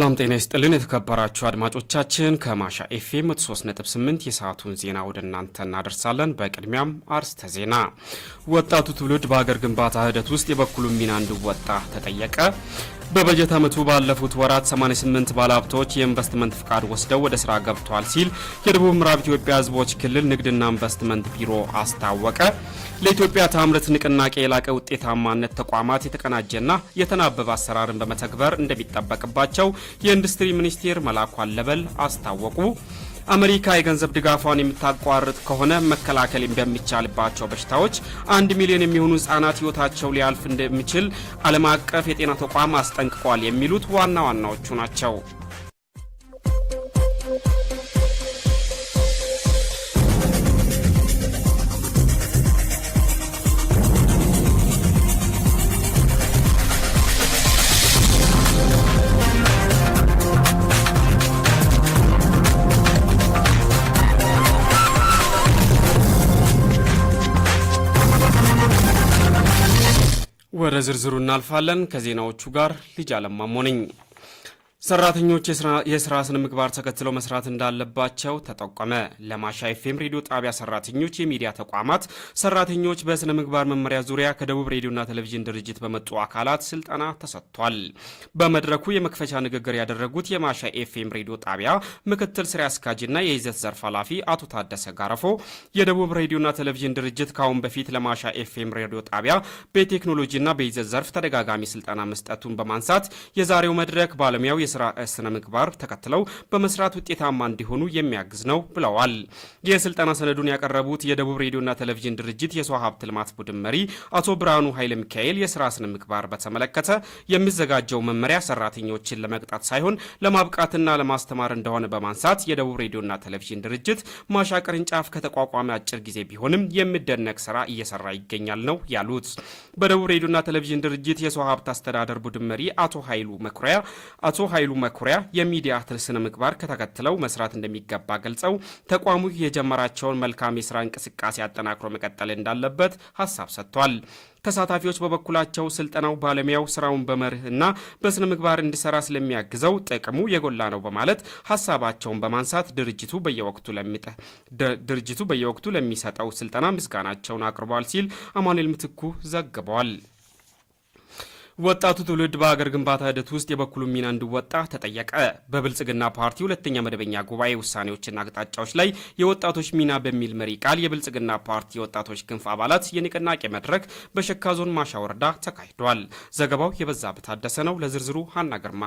ሰላም ጤና ይስጥልን የተከበራችሁ አድማጮቻችን ከማሻ ኤፍኤም 138 የሰዓቱን ዜና ወደ እናንተ እናደርሳለን። በቅድሚያም አርስተ ዜና። ወጣቱ ትውልድ በሀገር ግንባታ ሂደት ውስጥ የበኩሉን ሚና እንዲወጣ ተጠየቀ። በበጀት ዓመቱ ባለፉት ወራት 88 ባለሀብቶች የኢንቨስትመንት ፍቃድ ወስደው ወደ ስራ ገብተዋል ሲል የደቡብ ምዕራብ ኢትዮጵያ ህዝቦች ክልል ንግድና ኢንቨስትመንት ቢሮ አስታወቀ። ለኢትዮጵያ ታምርት ንቅናቄ የላቀ ውጤታማነት ተቋማት የተቀናጀና የተናበበ አሰራርን በመተግበር እንደሚጠበቅባቸው የኢንዱስትሪ ሚኒስቴር መላኩ አለበል አስታወቁ። አሜሪካ የገንዘብ ድጋፏን የምታቋርጥ ከሆነ መከላከል በሚቻልባቸው በሽታዎች አንድ ሚሊዮን የሚሆኑ ህጻናት ህይወታቸው ሊያልፍ እንደሚችል ዓለም አቀፍ የጤና ተቋም አስጠንቅቋል። የሚሉት ዋና ዋናዎቹ ናቸው። ወደ ዝርዝሩ እናልፋለን። ከዜናዎቹ ጋር ልጅ አለማሞ ነኝ። ሰራተኞች የስራ ስነ ምግባር ተከትለው መስራት እንዳለባቸው ተጠቆመ። ለማሻ ኤፍኤም ሬዲዮ ጣቢያ ሰራተኞች፣ የሚዲያ ተቋማት ሰራተኞች በስነ ምግባር መመሪያ ዙሪያ ከደቡብ ሬዲዮና ቴሌቪዥን ድርጅት በመጡ አካላት ስልጠና ተሰጥቷል። በመድረኩ የመክፈቻ ንግግር ያደረጉት የማሻ ኤፍኤም ሬዲዮ ጣቢያ ምክትል ስራ አስኪያጅና የይዘት ዘርፍ ኃላፊ አቶ ታደሰ ጋረፎ የደቡብ ሬዲዮና ቴሌቪዥን ድርጅት ከአሁን በፊት ለማሻ ኤፍኤም ሬዲዮ ጣቢያ በቴክኖሎጂና በይዘት ዘርፍ ተደጋጋሚ ስልጠና መስጠቱን በማንሳት የዛሬው መድረክ ባለሙያው የስራ ስነ ምግባር ተከትለው በመስራት ውጤታማ እንዲሆኑ የሚያግዝ ነው ብለዋል። የስልጠና ሰነዱን ያቀረቡት የደቡብ ሬዲዮና ቴሌቪዥን ድርጅት የሰው ሀብት ልማት ቡድን መሪ አቶ ብርሃኑ ኃይለ ሚካኤል የስራ ስነ ምግባር በተመለከተ የሚዘጋጀው መመሪያ ሰራተኞችን ለመቅጣት ሳይሆን ለማብቃትና ለማስተማር እንደሆነ በማንሳት የደቡብ ሬዲዮና ቴሌቪዥን ድርጅት ማሻ ቅርንጫፍ ከተቋቋመ አጭር ጊዜ ቢሆንም የሚደነቅ ስራ እየሰራ ይገኛል ነው ያሉት። በደቡብ ሬዲዮና ቴሌቪዥን ድርጅት የሰው ሀብት አስተዳደር ቡድን መሪ አቶ ኃይሉ መኩሪያ አቶ ኃይሉ መኩሪያ የሚዲያ ትል ስነ ምግባር ከተከትለው መስራት እንደሚገባ ገልጸው ተቋሙ የጀመራቸውን መልካም የስራ እንቅስቃሴ አጠናክሮ መቀጠል እንዳለበት ሀሳብ ሰጥቷል። ተሳታፊዎች በበኩላቸው ስልጠናው ባለሙያው ስራውን በመርህና በስነ ምግባር እንዲሰራ ስለሚያግዘው ጥቅሙ የጎላ ነው በማለት ሀሳባቸውን በማንሳት ድርጅቱ በየወቅቱ ድርጅቱ በየወቅቱ ለሚሰጠው ስልጠና ምስጋናቸውን አቅርበዋል ሲል አማኑኤል ምትኩ ዘግበዋል። ወጣቱ ትውልድ በሀገር ግንባታ ሂደት ውስጥ የበኩሉን ሚና እንዲወጣ ተጠየቀ። በብልጽግና ፓርቲ ሁለተኛ መደበኛ ጉባኤ ውሳኔዎችና አቅጣጫዎች ላይ የወጣቶች ሚና በሚል መሪ ቃል የብልጽግና ፓርቲ የወጣቶች ክንፍ አባላት የንቅናቄ መድረክ በሸካ ዞን ማሻ ወረዳ ተካሂዷል። ዘገባው የበዛብህ ታደሰ ነው። ለዝርዝሩ ሀና ግርማ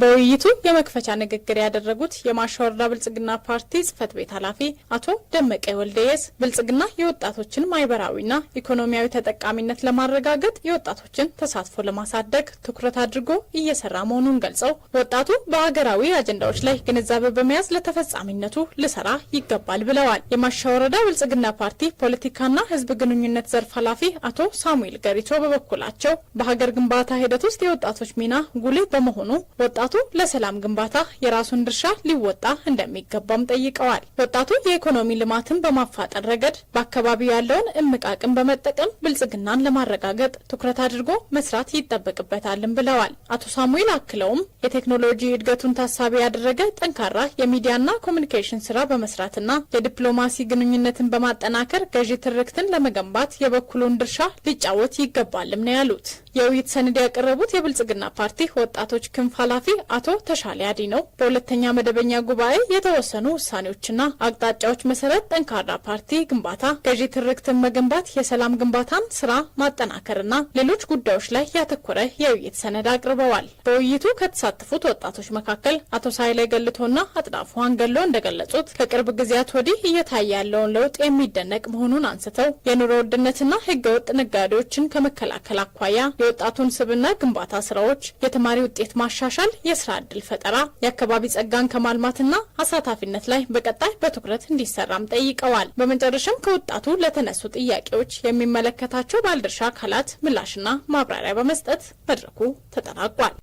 በውይይቱ የመክፈቻ ንግግር ያደረጉት የማሻ ወረዳ ብልጽግና ፓርቲ ጽህፈት ቤት ኃላፊ አቶ ደመቀ ወልደየስ ብልጽግና የወጣቶችን ማህበራዊና ኢኮኖሚያዊ ተጠቃሚነት ለማረጋገጥ የወጣቶችን ተሳትፎ ለማሳደግ ትኩረት አድርጎ እየሰራ መሆኑን ገልጸው ወጣቱ በሀገራዊ አጀንዳዎች ላይ ግንዛቤ በመያዝ ለተፈጻሚነቱ ልሰራ ይገባል ብለዋል። የማሻ ወረዳ ብልጽግና ፓርቲ ፖለቲካና ህዝብ ግንኙነት ዘርፍ ኃላፊ አቶ ሳሙኤል ገሪቶ በበኩላቸው በሀገር ግንባታ ሂደት ውስጥ የወጣቶች ሚና ጉልህ በመሆኑ ወጣ ወጣቱ ለሰላም ግንባታ የራሱን ድርሻ ሊወጣ እንደሚገባም ጠይቀዋል። ወጣቱ የኢኮኖሚ ልማትን በማፋጠን ረገድ በአካባቢው ያለውን እምቅ አቅም በመጠቀም ብልጽግናን ለማረጋገጥ ትኩረት አድርጎ መስራት ይጠበቅበታልም ብለዋል። አቶ ሳሙኤል አክለውም የቴክኖሎጂ እድገቱን ታሳቢ ያደረገ ጠንካራ የሚዲያና ኮሚኒኬሽን ስራ በመስራትና የዲፕሎማሲ ግንኙነትን በማጠናከር ገዢ ትርክትን ለመገንባት የበኩሉን ድርሻ ሊጫወት ይገባልም ነው ያሉት። የውይይት ሰነድ ያቀረቡት የብልጽግና ፓርቲ ወጣቶች ክንፍ ኃላፊ አቶ ተሻለ ነው። በሁለተኛ መደበኛ ጉባኤ የተወሰኑ ውሳኔዎችና አቅጣጫዎች መሰረት ጠንካራ ፓርቲ ግንባታ፣ ገዢ ትርክትን መገንባት፣ የሰላም ግንባታን ስራ ማጠናከርና ሌሎች ጉዳዮች ላይ ያተኮረ የውይይት ሰነድ አቅርበዋል። በውይይቱ ከተሳተፉት ወጣቶች መካከል አቶ ሳይለ ገልቶና አጥናፉ አንገሎ እንደገለጹት ከቅርብ ጊዜያት ወዲህ እየታየ ያለውን ለውጥ የሚደነቅ መሆኑን አንስተው የኑሮ ውድነትና ህገወጥ ነጋዴዎችን ከመከላከል አኳያ የወጣቱን ስብና ግንባታ ስራዎች፣ የተማሪ ውጤት ማሻሻል የስራ ዕድል ፈጠራ፣ የአካባቢ ጸጋን ከማልማትና አሳታፊነት ላይ በቀጣይ በትኩረት እንዲሰራም ጠይቀዋል። በመጨረሻም ከወጣቱ ለተነሱ ጥያቄዎች የሚመለከታቸው ባለድርሻ አካላት ምላሽና ማብራሪያ በመስጠት መድረኩ ተጠናቋል።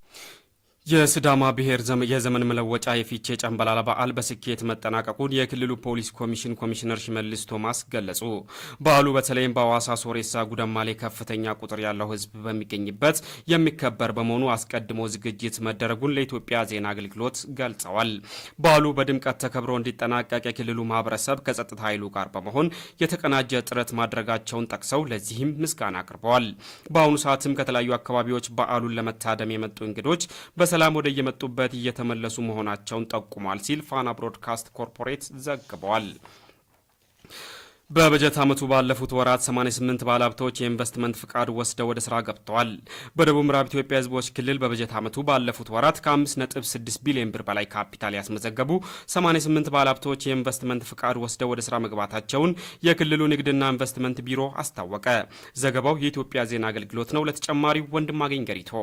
የስዳማ ብሔር የዘመን መለወጫ የፊቼ ጨንበላላ በዓል በስኬት መጠናቀቁን የክልሉ ፖሊስ ኮሚሽን ኮሚሽነር ሽመልስ ቶማስ ገለጹ። በዓሉ በተለይም በአዋሳ ሶሬሳ፣ ጉደማሌ ከፍተኛ ቁጥር ያለው ሕዝብ በሚገኝበት የሚከበር በመሆኑ አስቀድሞ ዝግጅት መደረጉን ለኢትዮጵያ ዜና አገልግሎት ገልጸዋል። በዓሉ በድምቀት ተከብሮ እንዲጠናቀቅ የክልሉ ማህበረሰብ ከጸጥታ ኃይሉ ጋር በመሆን የተቀናጀ ጥረት ማድረጋቸውን ጠቅሰው ለዚህም ምስጋና አቅርበዋል። በአሁኑ ሰዓትም ከተለያዩ አካባቢዎች በዓሉን ለመታደም የመጡ እንግዶች በሰላም ወደ የመጡበት እየተመለሱ መሆናቸውን ጠቁሟል ሲል ፋና ብሮድካስት ኮርፖሬት ዘግቧል። በበጀት ዓመቱ ባለፉት ወራት 88 ባለሀብቶች የኢንቨስትመንት ፍቃድ ወስደው ወደ ስራ ገብተዋል። በደቡብ ምዕራብ ኢትዮጵያ ህዝቦች ክልል በበጀት ዓመቱ ባለፉት ወራት ከ5.6 ቢሊዮን ብር በላይ ካፒታል ያስመዘገቡ 88 ባለሀብቶች የኢንቨስትመንት ፍቃድ ወስደው ወደ ስራ መግባታቸውን የክልሉ ንግድና ኢንቨስትመንት ቢሮ አስታወቀ። ዘገባው የኢትዮጵያ ዜና አገልግሎት ነው። ለተጨማሪው ወንድማገኝ ገሪቶ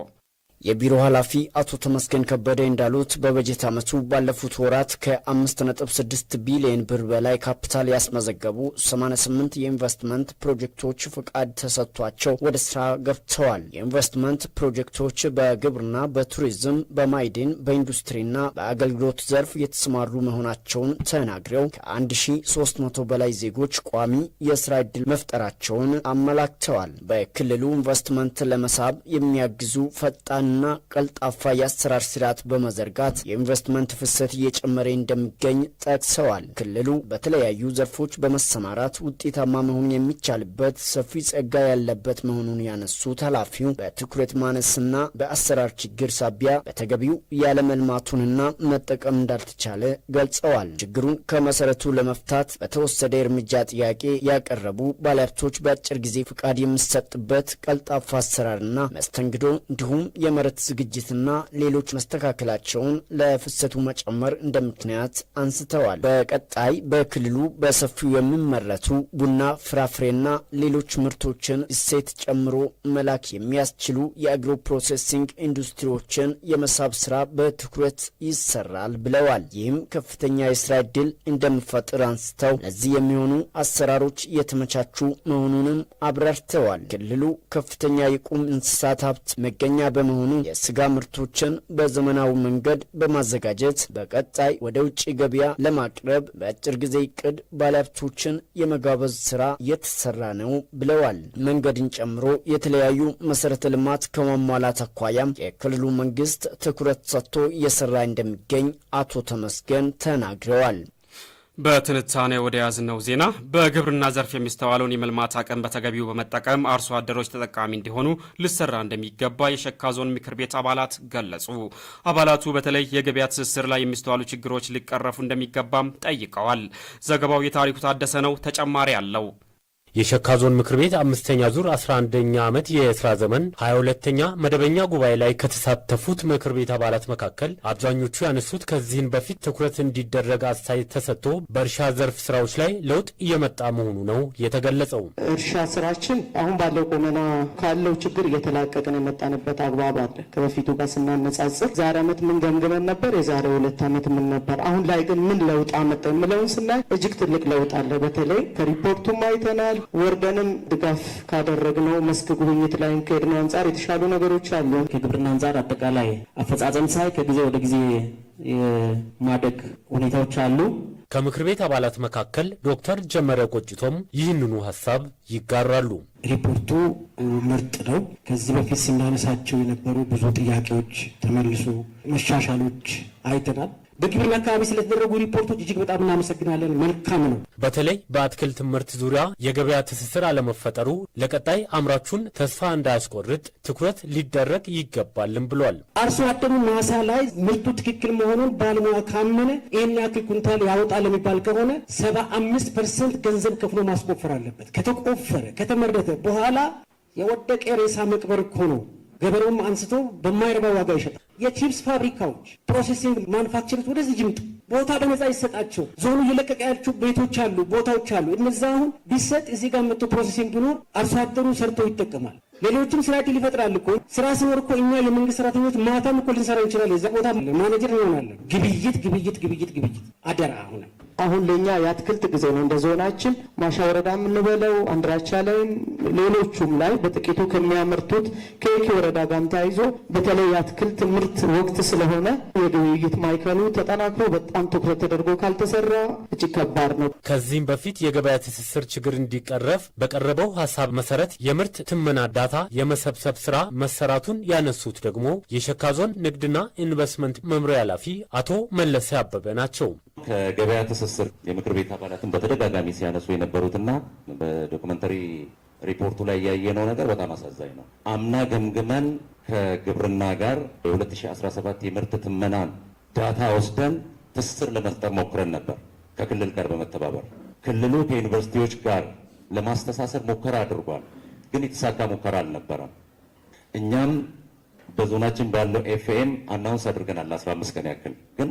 የቢሮ ኃላፊ አቶ ተመስገን ከበደ እንዳሉት በበጀት ዓመቱ ባለፉት ወራት ከ5.6 ቢሊዮን ብር በላይ ካፒታል ያስመዘገቡ 88 የኢንቨስትመንት ፕሮጀክቶች ፍቃድ ተሰጥቷቸው ወደ ስራ ገብተዋል። የኢንቨስትመንት ፕሮጀክቶች በግብርና፣ በቱሪዝም፣ በማዕድን፣ በኢንዱስትሪና በአገልግሎት ዘርፍ የተሰማሩ መሆናቸውን ተናግረው ከ1300 በላይ ዜጎች ቋሚ የስራ ዕድል መፍጠራቸውን አመላክተዋል። በክልሉ ኢንቨስትመንት ለመሳብ የሚያግዙ ፈጣን ግልጽና ቀልጣፋ የአሰራር ስርዓት በመዘርጋት የኢንቨስትመንት ፍሰት እየጨመረ እንደሚገኝ ጠቅሰዋል። ክልሉ በተለያዩ ዘርፎች በመሰማራት ውጤታማ መሆን የሚቻልበት ሰፊ ጸጋ ያለበት መሆኑን ያነሱት ኃላፊው በትኩረት ማነስና በአሰራር ችግር ሳቢያ በተገቢው ያለመልማቱንና መጠቀም እንዳልተቻለ ገልጸዋል። ችግሩን ከመሰረቱ ለመፍታት በተወሰደ እርምጃ ጥያቄ ያቀረቡ ባለሀብቶች በአጭር ጊዜ ፍቃድ የሚሰጥበት ቀልጣፋ አሰራርና መስተንግዶ እንዲሁም የመ የመሬት ዝግጅትና ሌሎች መስተካከላቸውን ለፍሰቱ መጨመር እንደ ምክንያት አንስተዋል። በቀጣይ በክልሉ በሰፊው የሚመረቱ ቡና፣ ፍራፍሬና ሌሎች ምርቶችን እሴት ጨምሮ መላክ የሚያስችሉ የአግሮ ፕሮሴሲንግ ኢንዱስትሪዎችን የመሳብ ስራ በትኩረት ይሰራል ብለዋል። ይህም ከፍተኛ የስራ ዕድል እንደሚፈጥር አንስተው ለዚህ የሚሆኑ አሰራሮች የተመቻቹ መሆኑንም አብራርተዋል። ክልሉ ከፍተኛ የቁም እንስሳት ሀብት መገኛ በመሆኑ የሆኑ የስጋ ምርቶችን በዘመናዊ መንገድ በማዘጋጀት በቀጣይ ወደ ውጭ ገበያ ለማቅረብ በአጭር ጊዜ እቅድ ባለሀብቶችን የመጋበዝ ስራ እየተሰራ ነው ብለዋል። መንገድን ጨምሮ የተለያዩ መሰረተ ልማት ከማሟላት አኳያም የክልሉ መንግስት ትኩረት ሰጥቶ እየሰራ እንደሚገኝ አቶ ተመስገን ተናግረዋል። በትንታኔ ወደ ያዝነው ዜና በግብርና ዘርፍ የሚስተዋለውን የመልማት አቅም በተገቢው በመጠቀም አርሶ አደሮች ተጠቃሚ እንዲሆኑ ልሰራ እንደሚገባ የሸካ ዞን ምክር ቤት አባላት ገለጹ። አባላቱ በተለይ የገበያ ትስስር ላይ የሚስተዋሉ ችግሮች ሊቀረፉ እንደሚገባም ጠይቀዋል። ዘገባው የታሪኩ ታደሰ ነው። ተጨማሪ አለው። የሸካ ዞን ምክር ቤት አምስተኛ ዙር 11ኛ ዓመት የስራ ዘመን 22ተኛ መደበኛ ጉባኤ ላይ ከተሳተፉት ምክር ቤት አባላት መካከል አብዛኞቹ ያነሱት ከዚህን በፊት ትኩረት እንዲደረግ አስተያየት ተሰጥቶ በእርሻ ዘርፍ ስራዎች ላይ ለውጥ እየመጣ መሆኑ ነው የተገለጸው። እርሻ ስራችን አሁን ባለው ቁመና ካለው ችግር እየተላቀቅን የመጣንበት አግባብ አለ። ከበፊቱ ጋር ስናነጻጽር ዛሬ ዓመት ምን ገምግመን ነበር፣ የዛሬ ሁለት ዓመት ምን ነበር፣ አሁን ላይ ግን ምን ለውጥ አመጣ የምለውን ስናይ እጅግ ትልቅ ለውጥ አለ። በተለይ ከሪፖርቱም አይተናል ወርደንም ድጋፍ ካደረግነው መስክ ጉብኝት ላይ ከሄድነው አንጻር የተሻሉ ነገሮች አሉ። ከግብርና አንጻር አጠቃላይ አፈጻጸም ሳይ ከጊዜ ወደ ጊዜ የማደግ ሁኔታዎች አሉ። ከምክር ቤት አባላት መካከል ዶክተር ጀመረ ቆጭቶም ይህንኑ ሀሳብ ይጋራሉ። ሪፖርቱ ምርጥ ነው። ከዚህ በፊት ስናነሳቸው የነበሩ ብዙ ጥያቄዎች ተመልሶ መሻሻሎች አይተናል። በግብርና አካባቢ ስለተደረጉ ሪፖርቶች እጅግ በጣም እናመሰግናለን። መልካም ነው። በተለይ በአትክልት ምርት ዙሪያ የገበያ ትስስር አለመፈጠሩ ለቀጣይ አምራቹን ተስፋ እንዳያስቆርጥ ትኩረት ሊደረግ ይገባልም ብሏል። አርሶ አደሩ ማሳ ላይ ምርቱ ትክክል መሆኑን ባለሙያ ካመነ ይህን ያክል ኩንታል ያወጣል የሚባል ከሆነ ሰባ አምስት ፐርሰንት ገንዘብ ከፍሎ ማስቆፈር አለበት። ከተቆፈረ ከተመረተ በኋላ የወደቀ ሬሳ መቅበር እኮ ነው። ገበሬውም አንስቶ በማይረባ ዋጋ ይሸጣል። የቺፕስ ፋብሪካዎች ፕሮሴሲንግ ማኑፋክቸሪት ወደዚህ ይምጡ፣ ቦታ በነፃ ይሰጣቸው። ዞኑ እየለቀቀ ያቸው ቤቶች አሉ፣ ቦታዎች አሉ። እነዛ አሁን ቢሰጥ እዚህ ጋር መጥቶ ፕሮሴሲንግ ቢኖር አርሶ አደሩ ሰርቶ ይጠቀማል። ሌሎችም ስራ ዕድል ይፈጥራል እኮ ስራ ሲኖር እኮ እኛ የመንግስት ሰራተኞች ማታም እኮ ልንሰራ እንችላለን። እዛ ቦታ ማኔጀር እንሆናለን። ግብይት ግብይት ግብይት ግብይት አደራ አሁንም አሁን ለእኛ የአትክልት ጊዜ ነው። እንደ ዞናችን ማሻ ወረዳ የምንበለው አንድራቻ ላይም ሌሎቹም ላይ በጥቂቱ ከሚያመርቱት ከኤኪ ወረዳ ጋርም ተያይዞ በተለይ የአትክልት ምርት ወቅት ስለሆነ ወደ ውይይት ማዕከሉ ተጠናክሮ በጣም ትኩረት ተደርጎ ካልተሰራ እጅግ ከባድ ነው። ከዚህም በፊት የገበያ ትስስር ችግር እንዲቀረፍ በቀረበው ሀሳብ መሰረት የምርት ትመና ዳታ የመሰብሰብ ስራ መሰራቱን ያነሱት ደግሞ የሸካ ዞን ንግድና ኢንቨስትመንት መምሪያ ኃላፊ አቶ መለሰ አበበ ናቸው። ከገበያ ትስስር የምክር ቤት አባላትን በተደጋጋሚ ሲያነሱ የነበሩትና በዶክመንተሪ ሪፖርቱ ላይ ያየነው ነገር በጣም አሳዛኝ ነው። አምና ገምግመን ከግብርና ጋር የ2017 የምርት ትመናን ዳታ ወስደን ትስስር ለመፍጠር ሞክረን ነበር። ከክልል ጋር በመተባበር ክልሉ ከዩኒቨርሲቲዎች ጋር ለማስተሳሰር ሙከራ አድርጓል፣ ግን የተሳካ ሙከራ አልነበረም። እኛም በዞናችን ባለው ኤፍኤም አናውንስ አድርገናል ለ15 ቀን ያክል ግን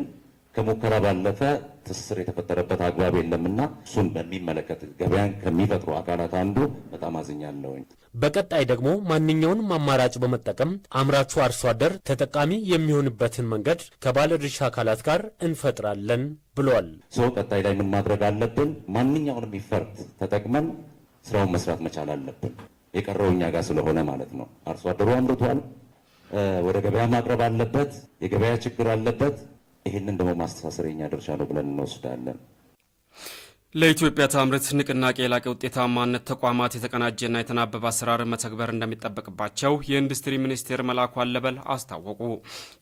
ከሙከራ ባለፈ ትስስር የተፈጠረበት አግባብ የለምና እሱን በሚመለከት ገበያን ከሚፈጥሩ አካላት አንዱ በጣም አዝኛለሁ። በቀጣይ ደግሞ ማንኛውንም አማራጭ በመጠቀም አምራቹ አርሶ አደር ተጠቃሚ የሚሆንበትን መንገድ ከባለድርሻ አካላት ጋር እንፈጥራለን ብሏል። ሰው ቀጣይ ላይ ምን ማድረግ አለብን? ማንኛውንም ይፈርት ተጠቅመን ስራውን መስራት መቻል አለብን። የቀረው እኛ ጋር ስለሆነ ማለት ነው። አርሶ አደሩ አምርቷል፣ ወደ ገበያ ማቅረብ አለበት። የገበያ ችግር አለበት። ይህንን ደግሞ ማስተሳሰር የኛ ድርሻ ነው ብለን እንወስዳለን። ለኢትዮጵያ ታምርት ንቅናቄ የላቀ ውጤታማነት ተቋማት የተቀናጀና የተናበበ አሰራር መተግበር እንደሚጠበቅባቸው የኢንዱስትሪ ሚኒስቴር መላኩ አለበል አስታወቁ።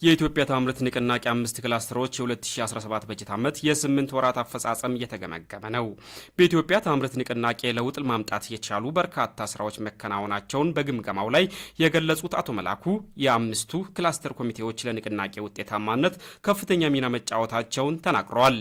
የኢትዮጵያ ታምርት ንቅናቄ አምስት ክላስተሮች የ2017 በጀት ዓመት የስምንት ወራት አፈጻጸም እየተገመገመ ነው። በኢትዮጵያ ታምርት ንቅናቄ ለውጥ ማምጣት የቻሉ በርካታ ስራዎች መከናወናቸውን በግምገማው ላይ የገለጹት አቶ መላኩ የአምስቱ ክላስተር ኮሚቴዎች ለንቅናቄ ውጤታማነት ከፍተኛ ሚና መጫወታቸውን ተናግረዋል።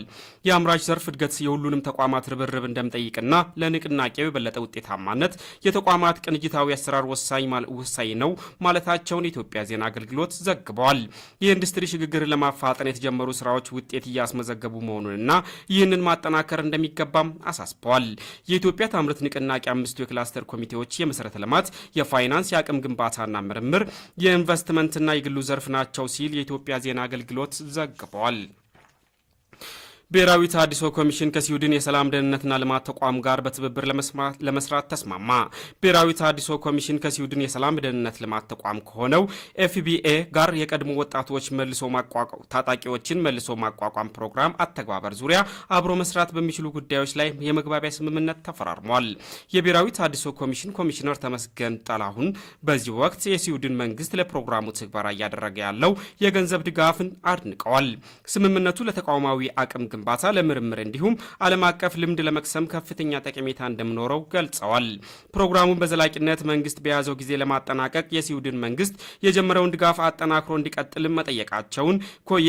የአምራች ዘርፍ እድገት የሁሉንም ተቋማ ተቋማት ርብርብ እንደምጠይቅና ለንቅናቄው የበለጠ ውጤታማነት የተቋማት ቅንጅታዊ አሰራር ወሳኝ ነው ማለታቸውን የኢትዮጵያ ዜና አገልግሎት ዘግበዋል። የኢንዱስትሪ ሽግግርን ለማፋጠን የተጀመሩ ስራዎች ውጤት እያስመዘገቡ መሆኑንና ይህንን ማጠናከር እንደሚገባም አሳስበዋል። የኢትዮጵያ ታምርት ንቅናቄ አምስቱ የክላስተር ኮሚቴዎች የመሰረተ ልማት፣ የፋይናንስ፣ የአቅም ግንባታና ምርምር፣ የኢንቨስትመንትና የግሉ ዘርፍ ናቸው ሲል የኢትዮጵያ ዜና አገልግሎት ዘግበዋል። ብሔራዊ ተሃድሶ ኮሚሽን ከስዊድን የሰላም ደህንነትና ልማት ተቋም ጋር በትብብር ለመስራት ተስማማ። ብሔራዊ ተሃድሶ ኮሚሽን ከስዊድን የሰላም ደህንነት ልማት ተቋም ከሆነው ኤፍቢኤ ጋር የቀድሞ ወጣቶች መልሶ ማቋቋም ታጣቂዎችን መልሶ ማቋቋም ፕሮግራም አተግባበር ዙሪያ አብሮ መስራት በሚችሉ ጉዳዮች ላይ የመግባቢያ ስምምነት ተፈራርሟል። የብሔራዊ ተሃድሶ ኮሚሽን ኮሚሽነር ተመስገን ጠላሁን በዚህ ወቅት የስዊድን መንግስት ለፕሮግራሙ ትግበራ እያደረገ ያለው የገንዘብ ድጋፍን አድንቀዋል። ስምምነቱ ለተቋማዊ አቅም ግንባታ፣ ለምርምር እንዲሁም ዓለም አቀፍ ልምድ ለመቅሰም ከፍተኛ ጠቀሜታ እንደሚኖረው ገልጸዋል። ፕሮግራሙን በዘላቂነት መንግስት በያዘው ጊዜ ለማጠናቀቅ የስዊድን መንግስት የጀመረውን ድጋፍ አጠናክሮ እንዲቀጥልም መጠየቃቸውን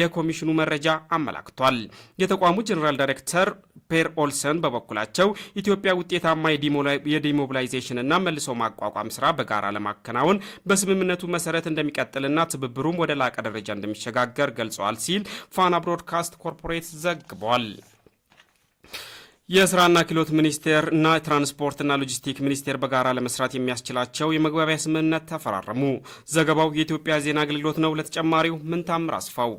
የኮሚሽኑ መረጃ አመላክቷል። የተቋሙ ጀኔራል ዳይሬክተር ፔር ኦልሰን በበኩላቸው ኢትዮጵያ ውጤታማ የዲሞቢላይዜሽንና መልሶ ማቋቋም ስራ በጋራ ለማከናወን በስምምነቱ መሰረት እንደሚቀጥልና ትብብሩም ወደ ላቀ ደረጃ እንደሚሸጋገር ገልጸዋል ሲል ፋና ብሮድካስት ኮርፖሬት ዘግቧል። አቅርበዋል። የስራና ክህሎት ሚኒስቴር እና ትራንስፖርትና ሎጂስቲክ ሚኒስቴር በጋራ ለመስራት የሚያስችላቸው የመግባቢያ ስምምነት ተፈራረሙ። ዘገባው የኢትዮጵያ ዜና አገልግሎት ነው። ለተጨማሪው ምንታምር አስፋው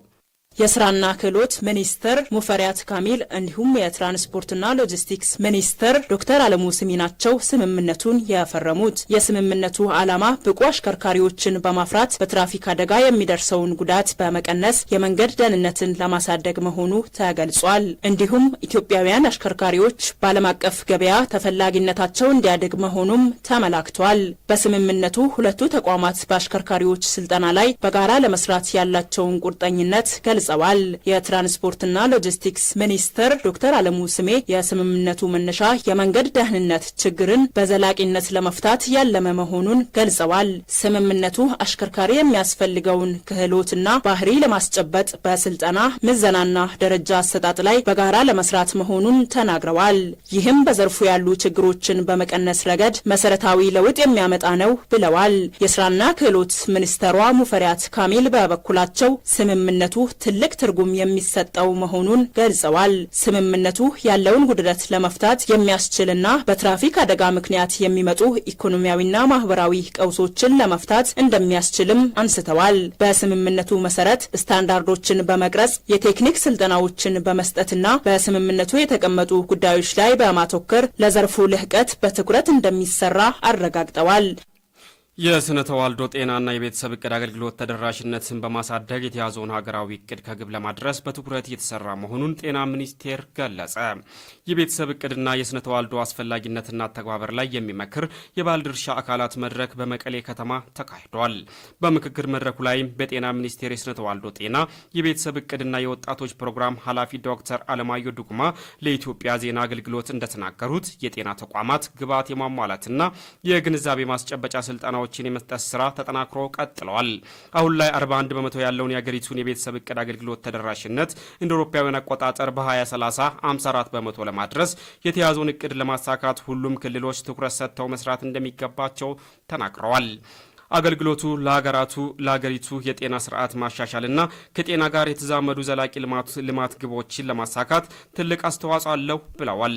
የስራና ክህሎት ሚኒስትር ሙፈሪያት ካሚል እንዲሁም የትራንስፖርትና ሎጂስቲክስ ሚኒስትር ዶክተር አለሙ ስሚ ናቸው ስምምነቱን የፈረሙት። የስምምነቱ ዓላማ ብቁ አሽከርካሪዎችን በማፍራት በትራፊክ አደጋ የሚደርሰውን ጉዳት በመቀነስ የመንገድ ደህንነትን ለማሳደግ መሆኑ ተገልጿል። እንዲሁም ኢትዮጵያውያን አሽከርካሪዎች በዓለም አቀፍ ገበያ ተፈላጊነታቸው እንዲያድግ መሆኑም ተመላክቷል። በስምምነቱ ሁለቱ ተቋማት በአሽከርካሪዎች ስልጠና ላይ በጋራ ለመስራት ያላቸውን ቁርጠኝነት ገልጸዋል። ገልጸዋል። የትራንስፖርትና ሎጂስቲክስ ሚኒስትር ዶክተር አለሙ ስሜ የስምምነቱ መነሻ የመንገድ ደህንነት ችግርን በዘላቂነት ለመፍታት ያለመ መሆኑን ገልጸዋል። ስምምነቱ አሽከርካሪ የሚያስፈልገውን ክህሎትና ባህሪ ለማስጨበጥ በስልጠና ምዘናና ደረጃ አሰጣጥ ላይ በጋራ ለመስራት መሆኑን ተናግረዋል። ይህም በዘርፉ ያሉ ችግሮችን በመቀነስ ረገድ መሰረታዊ ለውጥ የሚያመጣ ነው ብለዋል። የስራና ክህሎት ሚኒስተሯ ሙፈሪያት ካሚል በበኩላቸው ስምምነቱ ትልቅ ትርጉም የሚሰጠው መሆኑን ገልጸዋል። ስምምነቱ ያለውን ጉድለት ለመፍታት የሚያስችልና በትራፊክ አደጋ ምክንያት የሚመጡ ኢኮኖሚያዊና ማህበራዊ ቀውሶችን ለመፍታት እንደሚያስችልም አንስተዋል። በስምምነቱ መሰረት ስታንዳርዶችን በመቅረጽ የቴክኒክ ስልጠናዎችን በመስጠትና በስምምነቱ የተቀመጡ ጉዳዮች ላይ በማተኮር ለዘርፉ ልህቀት በትኩረት እንደሚሰራ አረጋግጠዋል። የስነ ተዋልዶ ጤናና የቤተሰብ እቅድ አገልግሎት ተደራሽነትን በማሳደግ የተያዘውን ሀገራዊ እቅድ ከግብ ለማድረስ በትኩረት እየተሰራ መሆኑን ጤና ሚኒስቴር ገለጸ። የቤተሰብ እቅድና የስነ ተዋልዶ አስፈላጊነትና አተግባበር ላይ የሚመክር የባለድርሻ አካላት መድረክ በመቀሌ ከተማ ተካሂዷል። በምክክር መድረኩ ላይም በጤና ሚኒስቴር የስነ ተዋልዶ ጤና የቤተሰብ እቅድና የወጣቶች ፕሮግራም ኃላፊ ዶክተር አለማየሁ ዱጉማ ለኢትዮጵያ ዜና አገልግሎት እንደተናገሩት የጤና ተቋማት ግብዓት የማሟላትና የግንዛቤ ማስጨበጫ ስልጠናዎች ስልጠናዎችን የመስጠት ስራ ተጠናክሮ ቀጥለዋል። አሁን ላይ 41 በመቶ ያለውን የአገሪቱን የቤተሰብ እቅድ አገልግሎት ተደራሽነት እንደ አውሮፓውያን አቆጣጠር በ2030 54 በመቶ ለማድረስ የተያዘውን እቅድ ለማሳካት ሁሉም ክልሎች ትኩረት ሰጥተው መስራት እንደሚገባቸው ተናግረዋል። አገልግሎቱ ለሀገራቱ ለሀገሪቱ የጤና ስርዓት ማሻሻልና ከጤና ጋር የተዛመዱ ዘላቂ ልማት ግቦችን ለማሳካት ትልቅ አስተዋጽኦ አለው ብለዋል።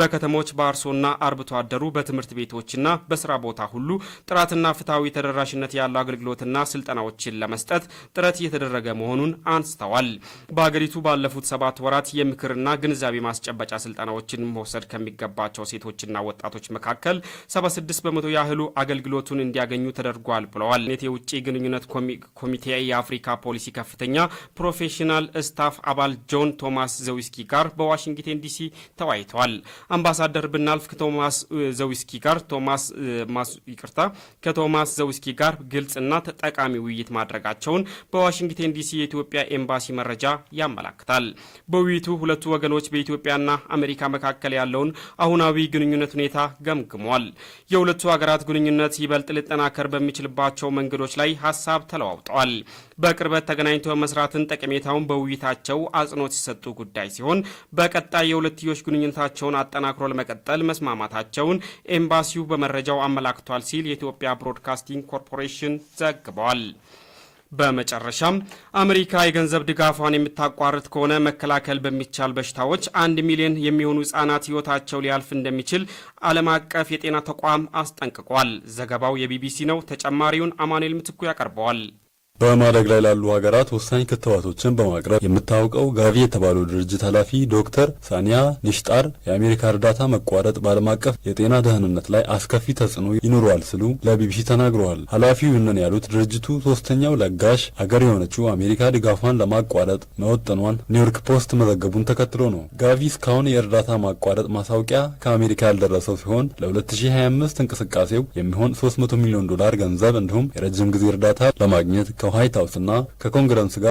በከተሞች በአርሶና አርብቶ አደሩ በትምህርት ቤቶችና በስራ ቦታ ሁሉ ጥራትና ፍትሐዊ ተደራሽነት ያለው አገልግሎትና ስልጠናዎችን ለመስጠት ጥረት እየተደረገ መሆኑን አንስተዋል። በሀገሪቱ ባለፉት ሰባት ወራት የምክርና ግንዛቤ ማስጨበጫ ስልጠናዎችን መውሰድ ከሚገባቸው ሴቶችና ወጣቶች መካከል 76 በመቶ ያህሉ አገልግሎቱን እንዲያገኙ ተደርጓል አድርጓል ብለዋል። የውጭ ግንኙነት ኮሚቴ የአፍሪካ ፖሊሲ ከፍተኛ ፕሮፌሽናል ስታፍ አባል ጆን ቶማስ ዘዊስኪ ጋር በዋሽንግተን ዲሲ ተወያይተዋል። አምባሳደር ብናልፍ ከቶማስ ዘዊስኪ ጋር ቶማስ ይቅርታ ከቶማስ ዘዊስኪ ጋር ግልጽና ተጠቃሚ ውይይት ማድረጋቸውን በዋሽንግተን ዲሲ የኢትዮጵያ ኤምባሲ መረጃ ያመላክታል። በውይይቱ ሁለቱ ወገኖች በኢትዮጵያና አሜሪካ መካከል ያለውን አሁናዊ ግንኙነት ሁኔታ ገምግሟል። የሁለቱ ሀገራት ግንኙነት ይበልጥ ሊጠናከር በሚችል በሚችልባቸው መንገዶች ላይ ሀሳብ ተለዋውጠዋል። በቅርበት ተገናኝቶ መስራትን ጠቀሜታውን በውይይታቸው አጽንኦት ሲሰጡ ጉዳይ ሲሆን በቀጣይ የሁለትዮሽ ግንኙነታቸውን አጠናክሮ ለመቀጠል መስማማታቸውን ኤምባሲው በመረጃው አመላክቷል ሲል የኢትዮጵያ ብሮድካስቲንግ ኮርፖሬሽን ዘግቧል። በመጨረሻም አሜሪካ የገንዘብ ድጋፏን የምታቋርጥ ከሆነ መከላከል በሚቻል በሽታዎች አንድ ሚሊዮን የሚሆኑ ህጻናት ህይወታቸው ሊያልፍ እንደሚችል ዓለም አቀፍ የጤና ተቋም አስጠንቅቋል። ዘገባው የቢቢሲ ነው። ተጨማሪውን አማኑኤል ምትኩ ያቀርበዋል። በማደግ ላይ ላሉ ሀገራት ወሳኝ ክትባቶችን በማቅረብ የምታውቀው ጋቪ የተባለው ድርጅት ኃላፊ ዶክተር ሳኒያ ኒሽጣር የአሜሪካ እርዳታ መቋረጥ በዓለም አቀፍ የጤና ደህንነት ላይ አስከፊ ተጽዕኖ ይኖረዋል ሲሉ ለቢቢሲ ተናግረዋል። ኃላፊው ይህንን ያሉት ድርጅቱ ሶስተኛው ለጋሽ ሀገር የሆነችው አሜሪካ ድጋፏን ለማቋረጥ መወጠኗን ኒውዮርክ ፖስት መዘገቡን ተከትሎ ነው። ጋቪ እስካሁን የእርዳታ ማቋረጥ ማሳወቂያ ከአሜሪካ ያልደረሰው ሲሆን ለ2025 እንቅስቃሴው የሚሆን 300 ሚሊዮን ዶላር ገንዘብ እንዲሁም የረጅም ጊዜ እርዳታ ለማግኘት 더하이트하우스나가까그랑스가